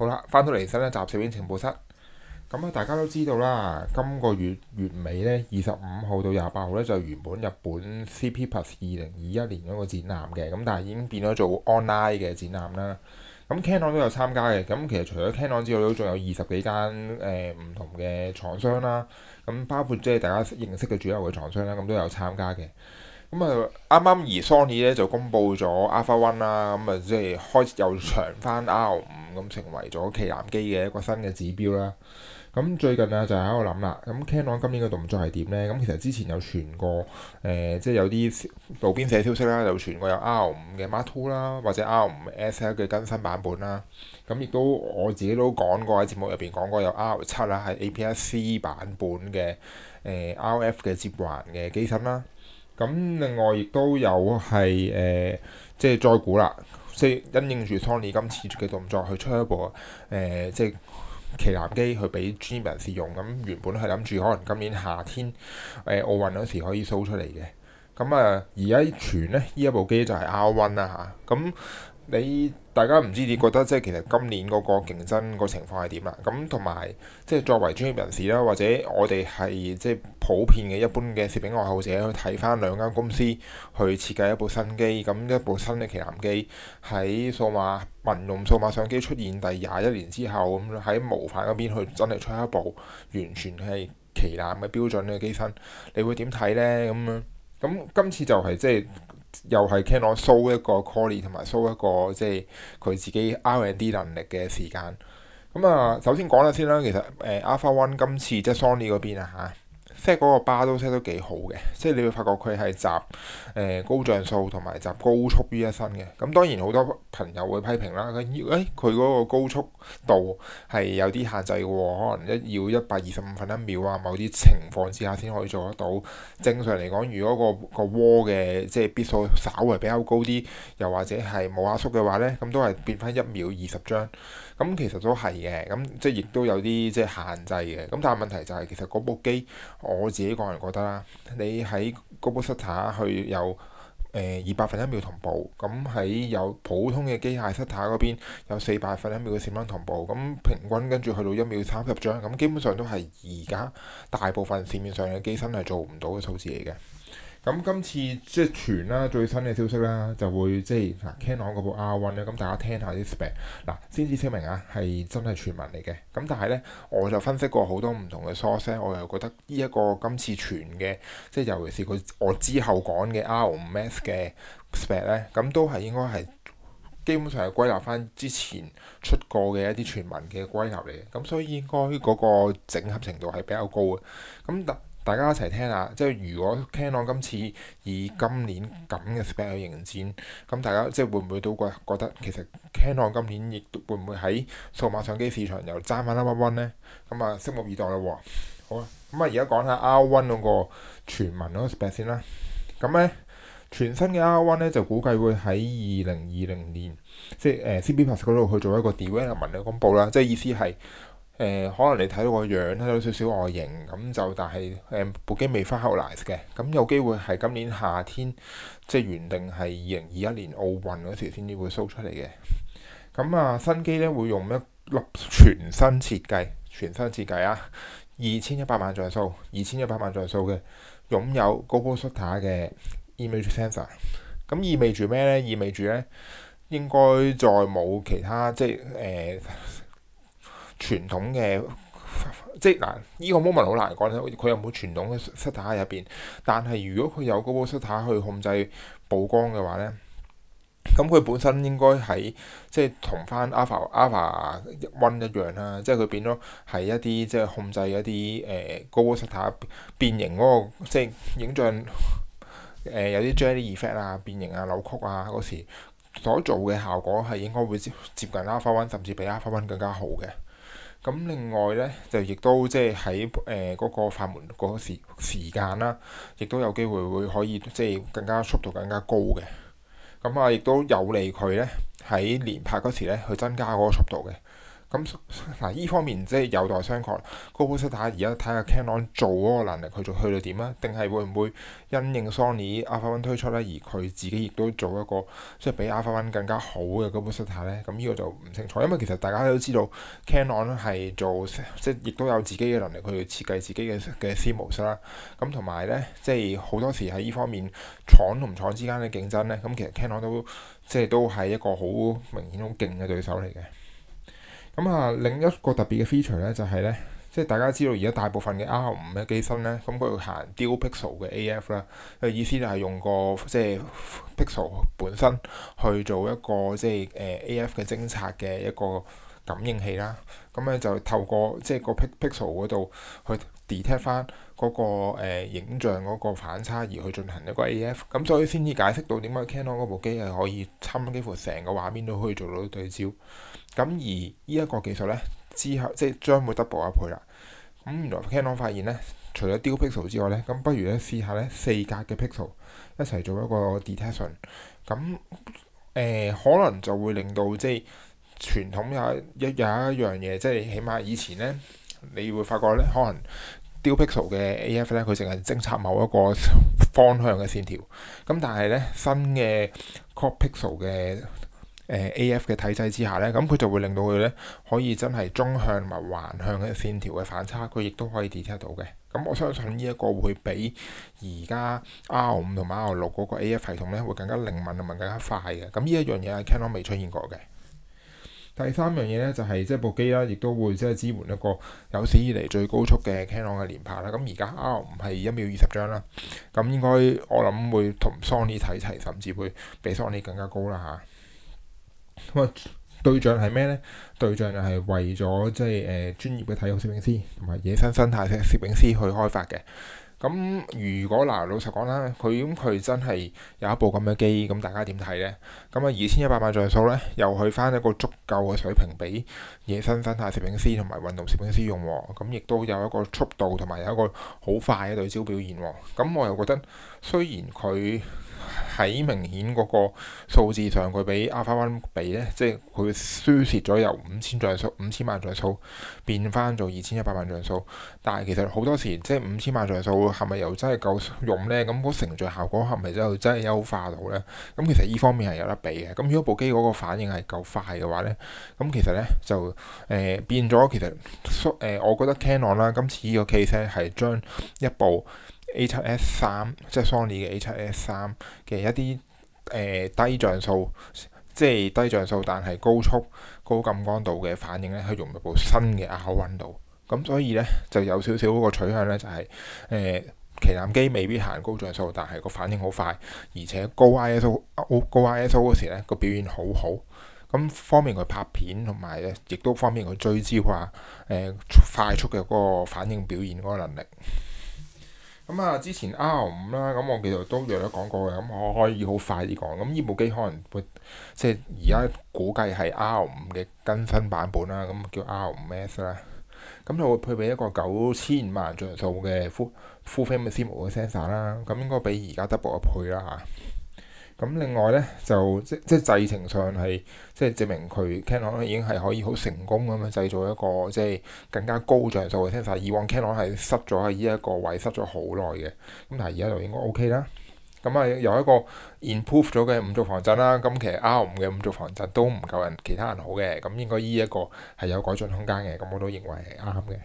好啦，翻到嚟新一集攝影情報室。咁、嗯、啊，大家都知道啦，今個月月尾呢，二十五號到廿八號呢，就是、原本日本 CP Plus 二零二一年嗰個展覽嘅，咁但係已經變咗做 online 嘅展覽啦。咁、嗯嗯、Canon 都有參加嘅，咁、嗯、其實除咗 Canon 之外，都仲有二十幾間誒唔、呃、同嘅廠商啦。咁、嗯、包括即係大家認識嘅主流嘅廠商啦，咁、嗯、都有參加嘅。咁啊，啱啱而 Sony 咧就公布咗 Alpha One 啦，咁啊即係開始又長翻 R 五咁，成為咗旗艦機嘅一個新嘅指標啦。咁最近啊就喺度諗啦，咁 Canon 今年嘅動作係點咧？咁其實之前有傳過誒、呃，即係有啲路邊社消息啦，有傳過有 R 五嘅 Mark Two 啦，或者 R 五 SL 嘅更新版本啦。咁亦都我自己都講過喺節目入邊講過有 R 七啦，係 APS-C 版本嘅誒、呃、RF 嘅接環嘅機身啦。咁另外亦都有係誒、呃，即係再估啦，即係因應住 Sony 今次嘅動作，去出一部誒、呃、即係旗艦機去俾專業人士用。咁、嗯、原本係諗住可能今年夏天誒奧運嗰時可以 show 出嚟嘅。咁、嗯呃、啊，而家傳咧，呢一部機就係 R1 啦嚇。咁你大家唔知你覺得即係其實今年嗰個競爭個情況係點啦？咁同埋即係作為專業人士啦，或者我哋係即係普遍嘅一般嘅攝影愛好者去睇翻兩間公司去設計一部新機，咁一部新嘅旗艦機喺數碼民用數碼相機出現第廿一年之後，咁喺模範嗰邊去真係出一部完全係旗艦嘅標準嘅機身，你會點睇呢？咁樣咁今次就係、是、即係。又係 Canon show 一個 callie 同埋 show 一個即係佢自己 R&D 能力嘅時間。咁啊，首先講下先啦。其實誒、呃、Alpha One 今次即係 Sony 嗰邊啊嚇。即係嗰個巴都車都幾好嘅，即係你會發覺佢係集誒、呃、高像素同埋集高速於一身嘅。咁當然好多朋友會批評啦，佢要誒佢嗰個高速度係有啲限制嘅喎，可能一要一百二十五分一秒啊，某啲情況之下先可以做得到。正常嚟講，如果個個窩嘅即係必數稍微比較高啲，又或者係冇壓縮嘅話呢，咁都係變翻一秒二十張。咁其實都係嘅，咁即係亦都有啲即係限制嘅。咁但係問題就係、是，其實嗰部機我自己個人覺得啦，你喺嗰部錶塔去有誒二百分一秒同步，咁喺有普通嘅機械錶塔嗰邊有四百分一秒嘅閃光同步，咁平均跟住去到一秒三十張，咁基本上都係而家大部分市面上嘅機身係做唔到嘅數字嚟嘅。咁今次即係傳啦，最新嘅消息啦，就會即係嗱 Canon 嗰部 R1 咧，咁、啊、大家聽下啲 spec。嗱，先至聲明啊，係真係傳聞嚟嘅。咁但係咧，我就分析過好多唔同嘅 source，我又覺得呢一個今次傳嘅，即係尤其是佢我之後講嘅 R5s 嘅 spec 咧，咁都係應該係基本上係歸納翻之前出過嘅一啲傳聞嘅歸納嚟嘅。咁所以應該嗰個整合程度係比較高嘅。咁大家一齊聽一下，即係如果 Canon 今次以今年咁嘅 spec 去迎戰，咁 大家即係會唔會都覺覺得其實 Canon 今年亦都會唔會喺數碼相機市場又爭翻一 round 呢？咁啊，拭目以待啦喎。好啊，咁啊，而家講下 R One 嗰個傳聞嗰個 spec 先啦。咁咧全新嘅 R One 咧就估計會喺二零二零年，即係誒 CP Plus 嗰度去做一個 detail 文嘅公佈啦。即係意思係。誒、呃、可能你睇到個樣睇到少少外形咁就，但係誒、呃、部機未 finalize 嘅，咁有機會係今年夏天即係原定係二零二一年奧運嗰時先至會 show 出嚟嘅。咁啊新機咧會用一粒全新設計，全新設計啊！二千一百萬像素，二千一百萬像素嘅，擁有高光速打嘅 image sensor。咁意味住咩咧？意味住咧應該再冇其他即係誒。呃傳統嘅即係嗱，呢、這個 moment 好難講咧。佢又冇傳統嘅攝像卡入邊，但係如果佢有高部攝像卡去控制曝光嘅話咧，咁佢本身應該喺即係同翻 Alpha、Alpha One 一樣啦。即係佢變咗係一啲即係控制一啲誒、呃、高級攝像卡變形嗰、那個即係影像誒、呃、有啲 Jelly Effect 啊、變形啊、扭曲啊嗰時所做嘅效果係應該會接接近 Alpha One，甚至比 Alpha One 更加好嘅。咁另外咧，就亦都即係喺誒個個快門個時時間啦，亦都有機會會可以即係更加速度更加高嘅。咁啊，亦都有利佢咧喺連拍嗰時咧去增加嗰個速度嘅。咁嗱，依、嗯、方面即係有待商榷。高倍數下，而家睇下 Canon 做嗰個能力，佢做去到點啊？定係會唔會因應 Sony Alpha One 推出咧，而佢自己亦都做一個即係比 Alpha One 更加好嘅高倍數下咧？咁、嗯、呢、呢個就唔清楚，因為其實大家都知道 Canon 係做即係亦都有自己嘅能力去設計自己嘅嘅 CMOS 啦、啊。咁同埋呢，即係好多時喺呢方面廠同廠之間嘅競爭呢，咁、嗯、其實 Canon 都即係都係一個好明顯好勁嘅對手嚟嘅。咁啊、嗯，另一個特別嘅 feature 咧就係、是、咧，即係大家知道而家大部分嘅 R 五嘅機身咧，咁佢行 dual pixel 嘅 AF 啦，佢意思就係用個即係 pixel 本身去做一個即係誒、呃、AF 嘅偵察嘅一個感應器啦。咁、嗯、咧就透過即係個 pixel 嗰度去 detect 翻、那、嗰個、呃、影像嗰個反差，而去進行一個 AF、嗯。咁所以先至解釋到點解 Canon 嗰部機係可以差唔多幾乎成個畫面都可以做到對焦。咁而呢一個技術咧，之後即係將會 double 一倍啦。咁原來 Canon 發現咧，除咗 Dual Pixel 之外咧，咁不如咧試下咧四格嘅 Pixel 一齊做一個 Detection、嗯。咁、呃、誒，可能就會令到即係傳統有一有一,一,一,一樣嘢，即係起碼以前咧，你會發覺咧，可能 Dual Pixel 嘅 AF 咧，佢淨係偵測某一個方向嘅線條。咁但係咧，新嘅 Quad Pixel 嘅誒、呃、A.F. 嘅體制之下咧，咁佢就會令到佢咧可以真係縱向同埋橫向嘅線條嘅反差，佢亦都可以 detect 到嘅。咁我相信呢一個會比而家 R 五同埋 R 六嗰個 A.F. 系統咧會更加靈敏同埋更加快嘅。咁呢一樣嘢係 Canon 未出現過嘅。第三樣嘢咧就係即係部機啦，亦都會即係支援一個有史以嚟最高速嘅 Canon 嘅連拍啦。咁而家 R 五係一秒二十張啦，咁應該我諗會同 Sony 睇齊，甚至會比 Sony 更加高啦嚇。咁啊，對象係咩呢？對象就係為咗即係誒專業嘅體育攝影師同埋野生生態攝攝影師去開發嘅。咁如果嗱，老實講啦，佢咁佢真係有一部咁嘅機，咁大家點睇呢？咁啊，二千一百萬像素呢，又去返一個足夠嘅水平俾野生生態攝影師同埋運動攝影師用喎。咁亦都有一個速度同埋有一個好快嘅對焦表現喎。咁我又覺得雖然佢喺明顯嗰個數字上，佢比 Alpha One 比咧，即係佢輸蝕咗由五千像素、五千萬像素變翻做二千一百萬像素。但係其實好多時即係五千萬像素係咪又真係夠用咧？咁嗰成像效果係咪真係真係優化到咧？咁其，其實呢方面係有得比嘅。咁如果部機嗰個反應係夠快嘅話咧，咁、呃、其實咧就誒變咗其實誒，我覺得 Canon 啦，今次呢個 case 係將一部。A 七 S 三即係 Sony 嘅 A 七 S 三嘅一啲誒、呃、低像素，即係低像素，但係高速、高感光度嘅反應咧，佢用入部新嘅亞口溫度。咁所以咧就有少少嗰個取向咧，就係、是、誒、呃、旗艦機未必行高像素，但係個反應好快，而且高 ISO、啊、高 ISO 嗰時咧個表現好好。咁方便佢拍片，同埋咧亦都方便佢追焦啊！誒、呃、快速嘅嗰個反應表現嗰個能力。咁啊，之前 R 五啦，咁我其實都有講過嘅，咁我可以好快啲講。咁呢部機可能會，即係而家估計係 R 五嘅更新版本啦，咁叫 R 五 S 啦，咁就會配備一個九千萬像素嘅 Full Full Frame CMOS Sensor 啦，咁應該比而家 double 一倍啦吓。咁另外咧就即即製程上係即係證明佢 Canon 已經係可以好成功咁樣製造一個即係更加高像素嘅 sensor，以往 Canon 係塞咗喺呢一個位塞咗好耐嘅，咁但係而家就應該 OK 啦。咁啊有一個 improve 咗嘅五軸防震啦，咁其實 R 五嘅五軸防震都唔夠人其他人好嘅，咁應該呢一個係有改進空間嘅，咁我都認為係啱嘅。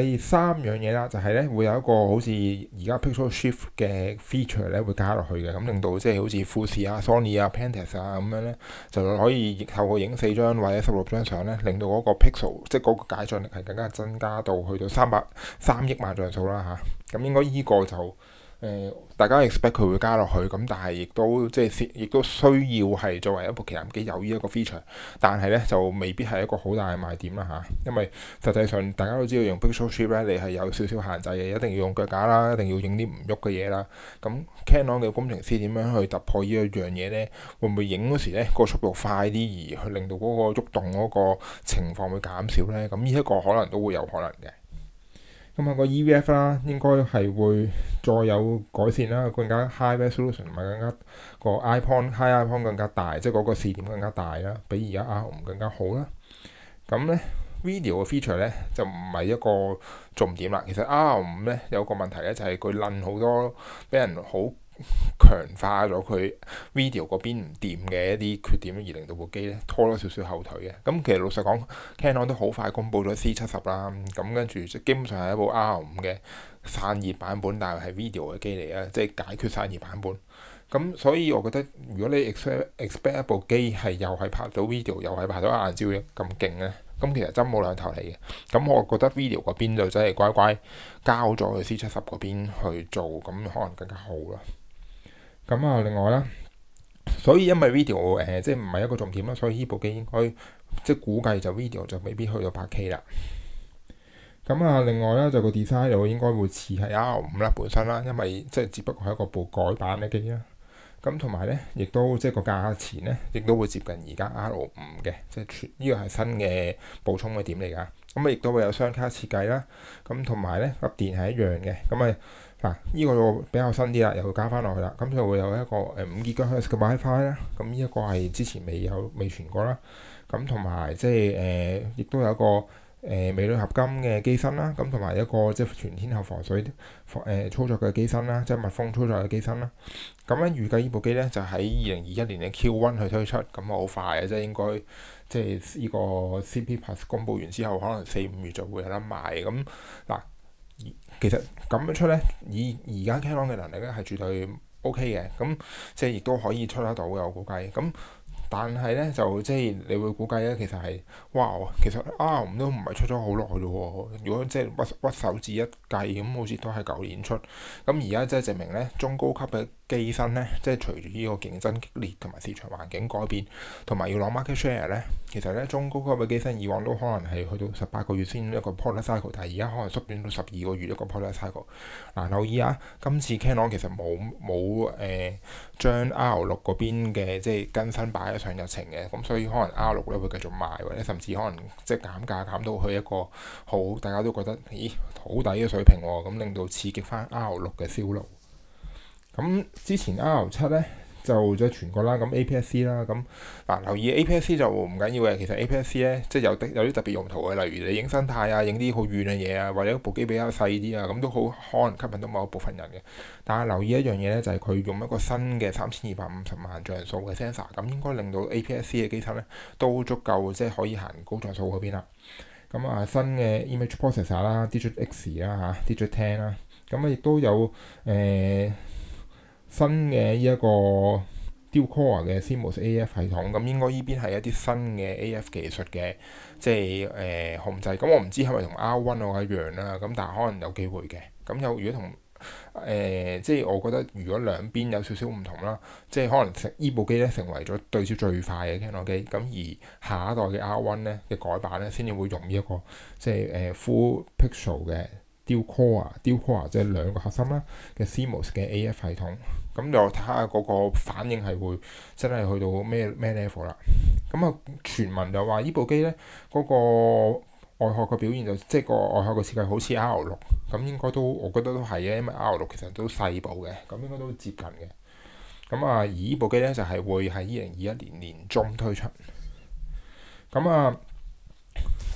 第三樣嘢啦，就係咧會有一個好似而家 Pixel Shift 嘅 feature 咧，會加落去嘅，咁、嗯、令到即係好似富士啊、啊 Sony 啊、Panasonic 啊咁樣咧，就可以透過影四張或者十六張相咧，令到嗰個 pixel 即係嗰個解像力係更加增加到去到三百三億萬像素啦吓，咁、啊嗯、應該依個就。誒、呃，大家 expect 佢會加落去，咁但係亦都即係亦都需要係作為一部旗艦機有呢一個 feature，但係咧就未必係一個好大嘅賣點啦嚇、啊，因為實際上大家都知道用 Big Shot Trip 咧，你係有少少限制嘅，一定要用腳架啦，一定要影啲唔喐嘅嘢啦。咁 Canon 嘅工程師點樣去突破呢一樣嘢咧？會唔會影嗰時咧、個速度快啲，而去令到嗰個喐動嗰個情況會減少咧？咁呢一個可能都會有可能嘅。咁啊個 EVF 啦，應該係會再有改善啦，更加 high resolution 同埋更加個 eye point high eye point 更加大，即係嗰個視點更加大啦，比而家 R 五更加好啦。咁咧 video 嘅 feature 咧就唔係一個重點啦。其實 R 五咧有個問題咧就係佢楞好多，俾人好。強化咗佢 video 嗰邊唔掂嘅一啲缺點，而令到部機咧拖咗少少後腿嘅。咁其實老實講，Canon 都好快公布咗 C 七十啦，咁跟住即基本上係一部 R 五嘅散熱版本，但係係 video 嘅機嚟啦，即係解決散熱版本。咁所以我覺得，如果你 expect, expect 一部機係又係拍到 video，又係拍到眼焦咁勁咧，咁其實真冇兩頭嚟嘅。咁我覺得 video 嗰邊就真係乖乖交咗去 C 七十嗰邊去做，咁可能更加好咯。咁啊，另外啦，所以因為 video 誒、呃、即係唔係一個重點啦，所以呢部機應該即係估計就 video 就未必去到八 K 啦。咁、嗯、啊，另外咧就、這個 design 又應該會似係 R 五啦本身啦，因為即係只不過係一個部改版嘅機啦。咁同埋咧，亦都即係個價錢咧，亦都會接近而家 R 五嘅，即係呢、這個係新嘅補充嘅點嚟㗎。咁啊，亦都會有雙卡設計啦。咁同埋咧，粒電係一樣嘅。咁啊。嗱，依個就比較新啲啦，又加翻落去啦，咁就會有一個誒 5GHz 嘅 WiFi 啦，咁呢一個係之前未有未傳過啦，咁同埋即係誒亦都有一個誒、呃、鎂鋁合金嘅機身啦，咁同埋一個即係全天候防水誒、呃、操作嘅機身啦，即密封操作嘅機身啦，咁樣預計呢部機咧就喺二零二一年嘅 Q1 去推出，咁好快嘅、啊，即、就、係、是、應該即係依個 CP+ 公佈完之後，可能四五月就會有得賣咁嗱。其實咁樣出咧，以而家 Canon 嘅能力咧，係絕對 OK 嘅。咁即係亦都可以出得到嘅，我估計。咁但係咧，就即係你會估計咧，其實係哇，其實啊都唔係出咗好耐咯喎。如果即係屈屈手指一計，咁好似都係舊年出。咁而家即係證明咧，中高級嘅機身咧，即係隨住呢個競爭激烈同埋市場環境改變，同埋要攞 market share 咧，其實咧，中高級嘅機身以往都可能係去到十八個月先一個 product cycle，但係而家可能縮短到十二個月一個 product cycle。嗱、啊、留意啊，今次 Canon 其實冇冇誒將 R 六嗰邊嘅即係更新擺咗上日程嘅，咁所以可能 R 六咧會繼續賣，或者甚至可能即係減價減到去一個好大家都覺得咦好抵嘅水平喎、哦，咁令到刺激翻 R 六嘅銷路。咁之前 R 七咧就即係全幅啦，咁 APS-C 啦，咁嗱留意 APS-C 就唔緊要嘅。其實 APS-C 咧即係有特有啲特別用途嘅，例如你影生態啊、影啲好遠嘅嘢啊，或者部機比較細啲啊，咁都好可能吸引到某一部分人嘅。但係留意一樣嘢咧，就係、是、佢用一個新嘅三千二百五十萬像素嘅 sensor，咁應該令到 APS-C 嘅機身咧都足夠即係可以行高像素嗰邊啦。咁啊，新嘅 image processor 啦，DIGIC X 啦嚇、啊、，DIGIC 10啦，咁啊亦都有誒。呃新嘅呢一個 Dual Core 嘅 CMOS AF 系統，咁應該呢邊係一啲新嘅 AF 技術嘅，即係誒、呃、控制。咁、嗯、我唔知係咪同 R1 我一樣啦，咁但係可能有機會嘅。咁、嗯、有如果同誒、呃，即係我覺得如果兩邊有少少唔同啦，即係可能呢部機咧成為咗對焦最快嘅 camera 機。咁而下一代嘅 R1 咧嘅改版咧先至會用呢、這、一個即係誒、呃、Full Pixel 嘅 Dual Core、Dual Core 即係兩個核心啦嘅 CMOS 嘅 AF 系統。咁就睇下嗰個反應係會真係去到咩咩 level 啦。咁、嗯、啊，傳聞就話依部機咧，嗰、那個外殼嘅表現就即係個外殼嘅設計好似 R 六，咁應該都我覺得都係嘅，因為 R 六其實都細部嘅，咁應該都接近嘅。咁、嗯、啊，而呢部機咧就係、是、會喺二零二一年年中推出。咁、嗯、啊～、嗯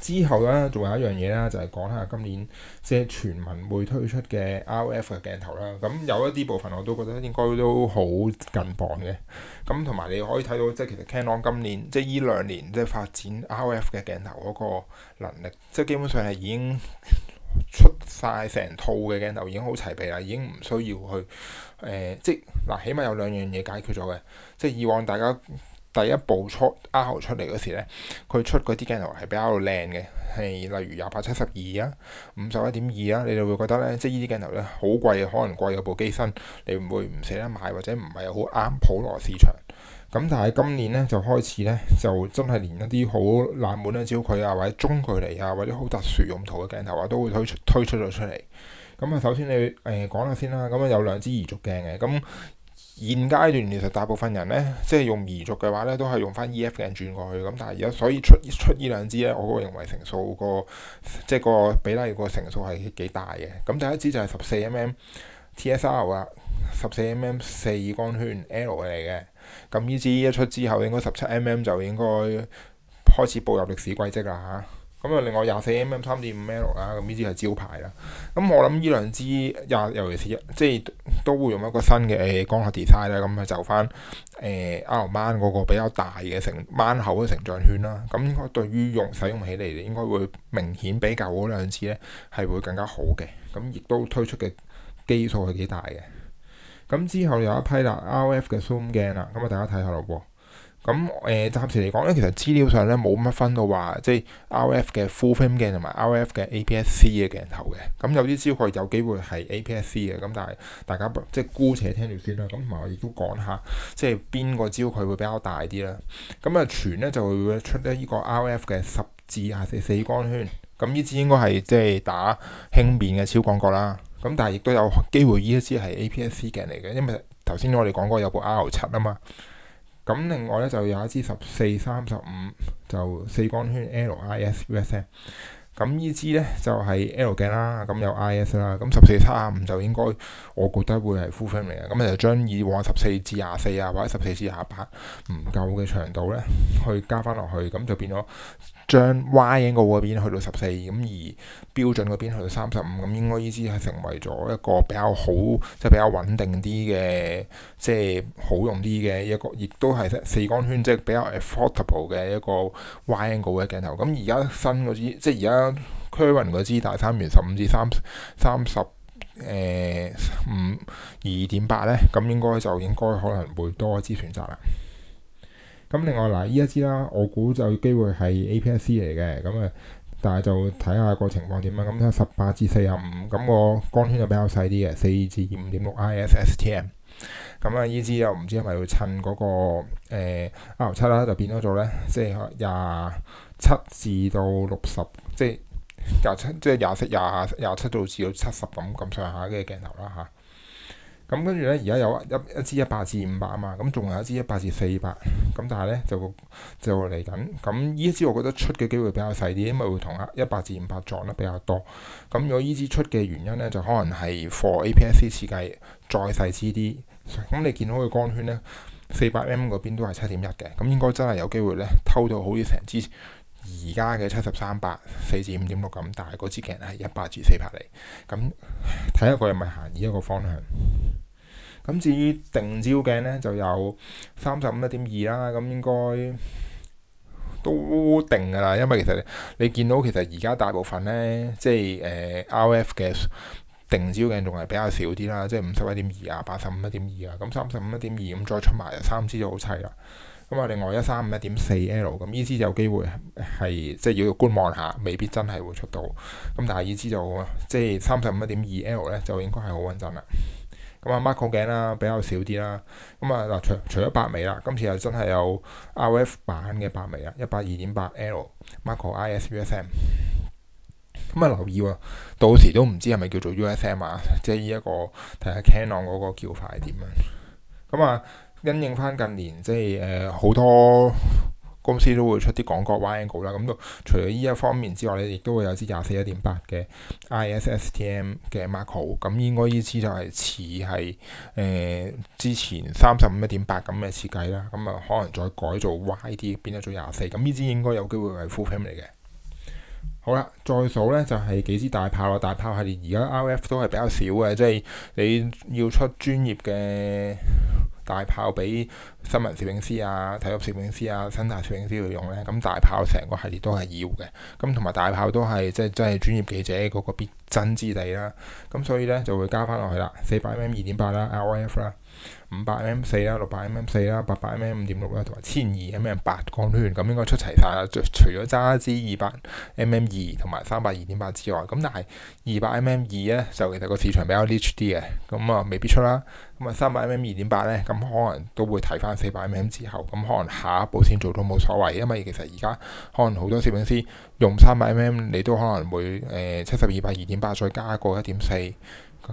之後咧，仲有一樣嘢啦，就係、是、講下今年即係、就是、全民會推出嘅 RF 嘅鏡頭啦。咁、嗯、有一啲部分我都覺得應該都好近磅嘅。咁同埋你可以睇到，即係其實 Canon 今年即係呢兩年即係發展 RF 嘅鏡頭嗰個能力，即係基本上係已經出晒成套嘅鏡頭，已經好齊備啦，已經唔需要去誒、呃，即嗱，起碼有兩樣嘢解決咗嘅。即係以往大家，第一部出 R 出嚟嗰時咧，佢出嗰啲鏡頭係比較靚嘅，係例如廿八七十二啊、五十一點二啊，你哋會覺得咧，即係呢啲鏡頭咧好貴，可能貴過部機身，你唔會唔捨得買，或者唔係好啱普羅市場。咁但係今年咧就開始咧就真係連一啲好冷門嘅焦距啊、或者中距離啊、或者好特殊用途嘅鏡頭啊，都會推出推出咗出嚟。咁啊，首先你誒、呃、講下先啦，咁啊有兩支移軸鏡嘅咁。現階段其實大部分人咧，即係用移軸嘅話咧，都係用翻、e、E.F 鏡轉過去。咁但係而家所以出出呢兩支咧，我認為成數個即係個比例個成數係幾大嘅。咁第一支就係十四 M.M.T.S.R. 啊，十四 M.M. 四光、mm、圈 L 嚟嘅。咁呢支一出之後，應該十七 M.M. 就應該開始步入歷史軌跡啦嚇。咁啊，另外廿四 M.M. 三點五 m L 啊，咁呢支係招牌啦。咁我諗呢兩支，廿尤，尤其是即係。都會用一個新嘅誒光學 design 啦，咁啊就翻誒 L 彎嗰個比較大嘅成彎口嘅成像圈啦。咁應該對於用使用起嚟，應該會明顯比較兩次咧係會更加好嘅。咁亦都推出嘅基數係幾大嘅。咁之後有一批啦，RF 嘅 Zoom 鏡啦，咁啊大家睇下咯喎。咁誒暫時嚟講咧，其實資料上咧冇乜分到話，即係 R F 嘅 Full Frame 鏡同埋 R F 嘅 A P S C 嘅鏡頭嘅。咁有啲焦距有機會係 A P S C 嘅，咁但係大家即係姑且聽住先啦。咁同埋我亦都講下，即係邊個焦距會比較大啲啦。咁啊，傳咧就會出咧呢個 R F 嘅十至啊四四光圈。咁呢支應該係即係打輕便嘅超廣角啦。咁但係亦都有機會呢一支係 A P S C 鏡嚟嘅，因為頭先我哋講過有部 R 七啊嘛。咁另外咧就有一支十四三十五，就四光圈 LIS USM。咁呢支咧就係、是、L 鏡啦，咁有 IS 啦，咁十四七廿五就應該我覺得會係 full frame 嚟嘅，咁就將以往十四至廿四啊或者十四至廿八唔夠嘅長度咧，去加翻落去，咁就變咗將 wide angle 嗰邊，去到十四，咁而標準嗰邊去到三十五，咁應該呢支係成為咗一個比較好即係、就是、比較穩定啲嘅，即、就、係、是、好用啲嘅一個亦都係四光圈即係、就是、比較 affordable 嘅一個 wide angle 嘅鏡頭，咁而家新嗰支即係而家。就是 K 云嗰支大三元十五至三三十誒五二點八咧，咁應該就應該可能會多一支選擇啦。咁另外嗱，依一支啦，我估就有機會係 A P S C 嚟嘅，咁啊，但係就睇下個情況點樣。咁睇下十八至四十五，咁個光圈就比較細啲嘅，四至五點六 I S S T M。咁、嗯那個呃、啊！嗯、呢支又唔知係咪要趁個誒，誒 R 七啦，就變咗做咧，即係廿七至到六十，即係廿七，即係廿七、廿廿七到至到七十咁咁上下嘅鏡頭啦吓，咁跟住咧，而家有一一,一支一百至五百啊嘛，咁、嗯、仲有一支一百至四百，咁、嗯、但係咧就就嚟緊，咁呢支我覺得出嘅機會比較細啲，因為會同一百至五百撞得比較多。咁、嗯、如果呢支出嘅原因咧，就可能係 for APS C 設計再細支啲。咁你見到嘅光圈呢，四百 M 嗰邊都係七點一嘅，咁應該真係有機會呢，偷到好似成支而家嘅七十三百四至五點六咁大，但係嗰支鏡係一百至四百釐，咁睇一個又咪行呢一個方向。咁至於定焦鏡呢，就有三十五一點二啦，咁應該都定噶啦，因為其實你見到其實而家大部分呢，即係誒 R F 嘅。呃定焦鏡仲係比較少啲啦，即係五十一點二啊，八十五一點二啊，咁三十五一點二，咁再出埋三支就好齊啦。咁啊，另外一三五一點四 L，咁呢支就有機會係即係要觀望下，未必真係會出到。咁但係呢支就好啊，即係三十五一點二 L 咧，就應該係好穩陣啦。咁啊，macro 鏡啦比較少啲啦。咁啊嗱，除除咗八微啦，今次又真係有 RF 版嘅八微啊，一百二點八 L，macro IS USM。US M。咁啊，留意喎、哦，到時都唔知係咪叫做 USM 啊？即係呢一個睇下 Canon 嗰個叫法點樣。咁啊、 嗯嗯，因應翻近年即係誒好多公司都會出啲廣告 Y Angle 啦。咁、嗯、除咗呢一方面之外咧，亦都會有支廿四一點八嘅 ISSTM 嘅 macro。咁應該呢支就係似係誒之前三十五一點八咁嘅設計啦。咁、嗯、啊、嗯，可能再改做 Y d e 變咗做廿四。咁呢支應該有機會係 Full f a m e 嚟嘅。好啦，再數咧就係、是、幾支大炮咯，大炮系列而家 RF 都係比較少嘅。即係你要出專業嘅大炮俾新聞攝影師啊、體育攝影師啊、生態攝影師要用咧，咁大炮成個系列都係要嘅，咁同埋大炮都係即係真係專業記者嗰個必爭之地啦，咁所以咧就會加翻落去啦，四百 mm 二點八啦，RF 啦。五百 M 四啦，六百 M m 四啦，八百 M 五點六啦，同埋千二 M m 八光圈，咁應該出齊晒啦。除咗揸支二百 M m 二同埋三百二點八之外，咁但係二百 M m 二咧，就其實個市場比較 niche 啲嘅，咁啊未必出啦。咁啊三百 M 二點八咧，咁可能都會提翻四百 M m 之後，咁可能下一步先做到冇所謂，因為其實而家可能好多攝影師用三百 M m 你都可能會誒七十二百二點八再加個一點四。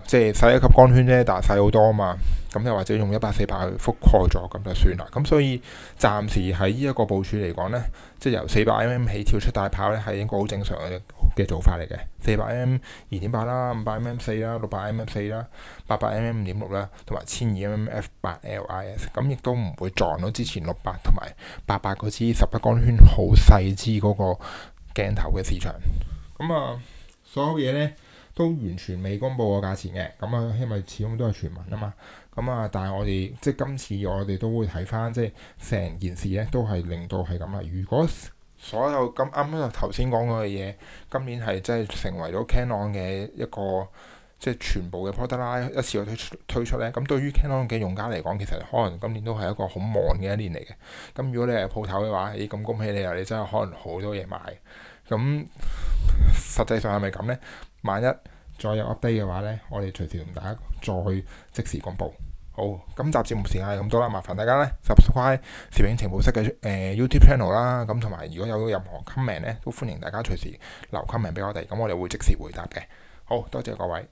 即係細一級光圈咧，但係細好多啊嘛！咁又或者用一百四百去覆蓋咗，咁就算啦。咁所以暫時喺呢一個部署嚟講咧，即係由四百 mm 起跳出大炮咧，係一個好正常嘅嘅做法嚟嘅。四百 mm 二點八啦，五百 mm 四啦，六百 mm 四啦，八百 mm 五點六啦，同埋千二 mm f 八 lis，咁亦都唔會撞到之前六百同埋八百嗰支十一光圈好細支嗰個鏡頭嘅市場。咁啊，所有嘢咧～都完全未公布過價錢嘅，咁啊，因為始終都係傳聞啊嘛。咁啊，但係我哋即係今次我哋都會睇翻，即係成件事咧都係令到係咁啊。如果所有咁啱啱頭先講嘅嘢，今年係真係成為咗 Canon 嘅一個即係全部嘅 product line 一次去推出推出咧，咁對於 Canon 嘅用家嚟講，其實可能今年都係一個好忙嘅一年嚟嘅。咁如果你係鋪頭嘅話，咦咁恭喜你啊！你真係可能好多嘢買。咁實際上係咪咁呢？萬一再有 update 嘅話呢，我哋隨時同大家再即時公布。好，今集節目時間係咁多啦，麻煩大家呢 subscribe 攝影情報室嘅、呃、YouTube channel 啦。咁同埋如果有任何 comment 呢，都歡迎大家隨時留 comment 俾我哋，咁我哋會即時回答嘅。好多謝各位。